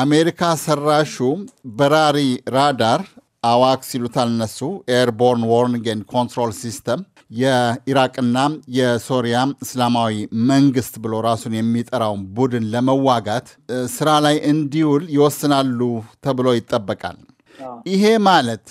አሜሪካ ሰራሹ በራሪ ራዳር አዋክ ሲሉታል እነሱ ኤርቦርን ዋርኒንግ ኮንትሮል ሲስተም የኢራቅና የሶሪያ እስላማዊ መንግስት ብሎ ራሱን የሚጠራውን ቡድን ለመዋጋት ስራ ላይ እንዲውል ይወስናሉ ተብሎ ይጠበቃል። ይሄ ማለት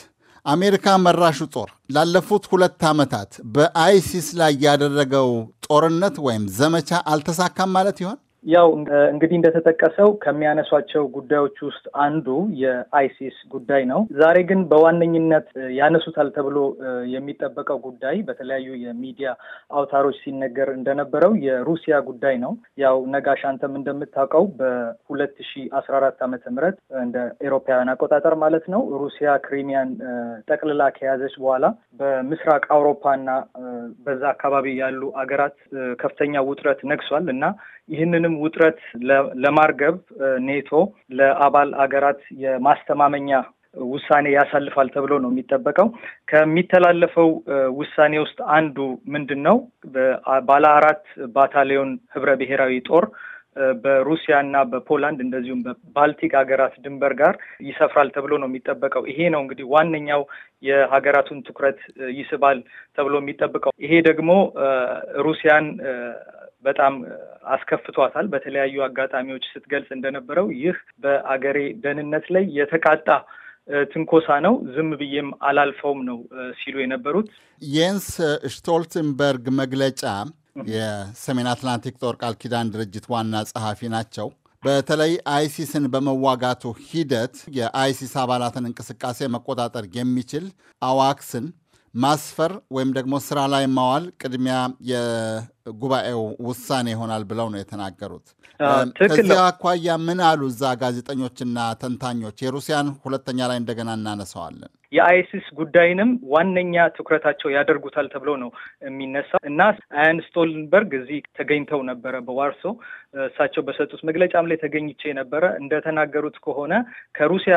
አሜሪካ መራሹ ጦር ላለፉት ሁለት ዓመታት በአይሲስ ላይ ያደረገው ጦርነት ወይም ዘመቻ አልተሳካም ማለት ይሆን? ያው እንግዲህ እንደተጠቀሰው ከሚያነሷቸው ጉዳዮች ውስጥ አንዱ የአይሲስ ጉዳይ ነው። ዛሬ ግን በዋነኝነት ያነሱታል ተብሎ የሚጠበቀው ጉዳይ በተለያዩ የሚዲያ አውታሮች ሲነገር እንደነበረው የሩሲያ ጉዳይ ነው። ያው ነጋሽ አንተም እንደምታውቀው በሁለት ሺ አስራ አራት ዓመተ ምህረት እንደ ኤሮፓውያን አቆጣጠር ማለት ነው ሩሲያ ክሪሚያን ጠቅልላ ከያዘች በኋላ በምስራቅ እና በዛ አካባቢ ያሉ አገራት ከፍተኛ ውጥረት ነግሷል እና ይህንንም ይህንንም ውጥረት ለማርገብ ኔቶ ለአባል አገራት የማስተማመኛ ውሳኔ ያሳልፋል ተብሎ ነው የሚጠበቀው። ከሚተላለፈው ውሳኔ ውስጥ አንዱ ምንድን ነው? ባለ አራት ባታሊዮን ህብረ ብሔራዊ ጦር በሩሲያ እና በፖላንድ እንደዚሁም በባልቲክ ሀገራት ድንበር ጋር ይሰፍራል ተብሎ ነው የሚጠበቀው። ይሄ ነው እንግዲህ ዋነኛው የሀገራቱን ትኩረት ይስባል ተብሎ የሚጠብቀው። ይሄ ደግሞ ሩሲያን በጣም አስከፍቷታል። በተለያዩ አጋጣሚዎች ስትገልጽ እንደነበረው ይህ በአገሬ ደህንነት ላይ የተቃጣ ትንኮሳ ነው፣ ዝም ብዬም አላልፈውም ነው ሲሉ የነበሩት የንስ ስቶልትንበርግ መግለጫ የሰሜን አትላንቲክ ጦር ቃል ኪዳን ድርጅት ዋና ጸሐፊ ናቸው። በተለይ አይሲስን በመዋጋቱ ሂደት የአይሲስ አባላትን እንቅስቃሴ መቆጣጠር የሚችል አዋክስን ማስፈር ወይም ደግሞ ስራ ላይ ማዋል ቅድሚያ የጉባኤው ውሳኔ ይሆናል ብለው ነው የተናገሩት። ከዚያ አኳያ ምን አሉ እዛ ጋዜጠኞችና ተንታኞች? የሩሲያን ሁለተኛ ላይ እንደገና እናነሳዋለን። የአይሲስ ጉዳይንም ዋነኛ ትኩረታቸው ያደርጉታል ተብሎ ነው የሚነሳው እና አያን ስቶልንበርግ እዚህ ተገኝተው ነበረ በዋርሶ እሳቸው በሰጡት መግለጫም ላይ ተገኝቼ ነበረ። እንደተናገሩት ከሆነ ከሩሲያ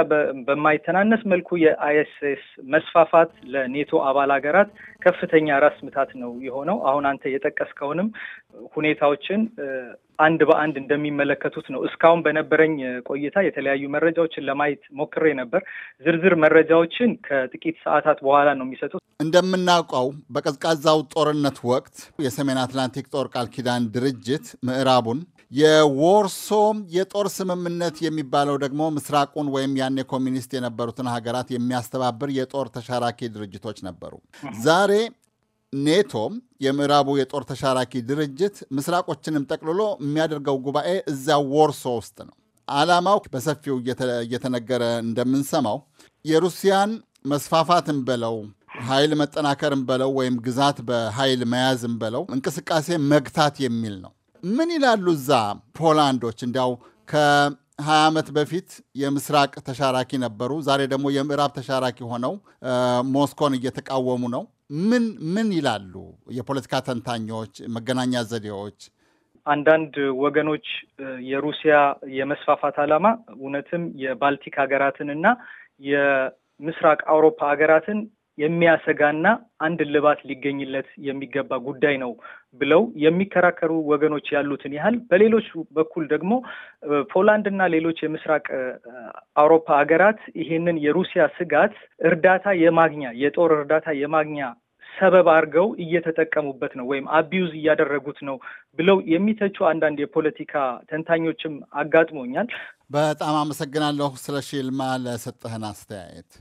በማይተናነስ መልኩ የአይኤስኤስ መስፋፋት ለኔቶ አባል ሀገራት ከፍተኛ ራስ ምታት ነው የሆነው። አሁን አንተ የጠቀስከውንም ሁኔታዎችን አንድ በአንድ እንደሚመለከቱት ነው። እስካሁን በነበረኝ ቆይታ የተለያዩ መረጃዎችን ለማየት ሞክሬ ነበር። ዝርዝር መረጃዎችን ከጥቂት ሰዓታት በኋላ ነው የሚሰጡት። እንደምናውቀው በቀዝቃዛው ጦርነት ወቅት የሰሜን አትላንቲክ ጦር ቃል ኪዳን ድርጅት ምዕራቡን የዎርሶ የጦር ስምምነት የሚባለው ደግሞ ምስራቁን ወይም ያኔ ኮሚኒስት የነበሩትን ሀገራት የሚያስተባብር የጦር ተሻራኪ ድርጅቶች ነበሩ። ዛሬ ኔቶም የምዕራቡ የጦር ተሻራኪ ድርጅት ምስራቆችንም ጠቅልሎ የሚያደርገው ጉባኤ እዚያ ወርሶ ውስጥ ነው። ዓላማው በሰፊው እየተነገረ እንደምንሰማው የሩሲያን መስፋፋትን በለው ኃይል መጠናከርን በለው ወይም ግዛት በኃይል መያዝን በለው እንቅስቃሴ መግታት የሚል ነው። ምን ይላሉ እዛ ፖላንዶች? እንዲያው ከሀያ ዓመት በፊት የምስራቅ ተሻራኪ ነበሩ። ዛሬ ደግሞ የምዕራብ ተሻራኪ ሆነው ሞስኮን እየተቃወሙ ነው። ምን ምን ይላሉ የፖለቲካ ተንታኞች፣ መገናኛ ዘዴዎች? አንዳንድ ወገኖች የሩሲያ የመስፋፋት ዓላማ እውነትም የባልቲክ ሀገራትን እና የምስራቅ አውሮፓ ሀገራትን የሚያሰጋና አንድ ልባት ሊገኝለት የሚገባ ጉዳይ ነው ብለው የሚከራከሩ ወገኖች ያሉትን ያህል በሌሎች በኩል ደግሞ ፖላንድ እና ሌሎች የምስራቅ አውሮፓ ሀገራት ይሄንን የሩሲያ ስጋት እርዳታ የማግኛ የጦር እርዳታ የማግኛ ሰበብ አድርገው እየተጠቀሙበት ነው ወይም አቢዩዝ እያደረጉት ነው ብለው የሚተቹ አንዳንድ የፖለቲካ ተንታኞችም አጋጥሞኛል። በጣም አመሰግናለሁ ስለሺ ይልማ ለሰጠህን አስተያየት።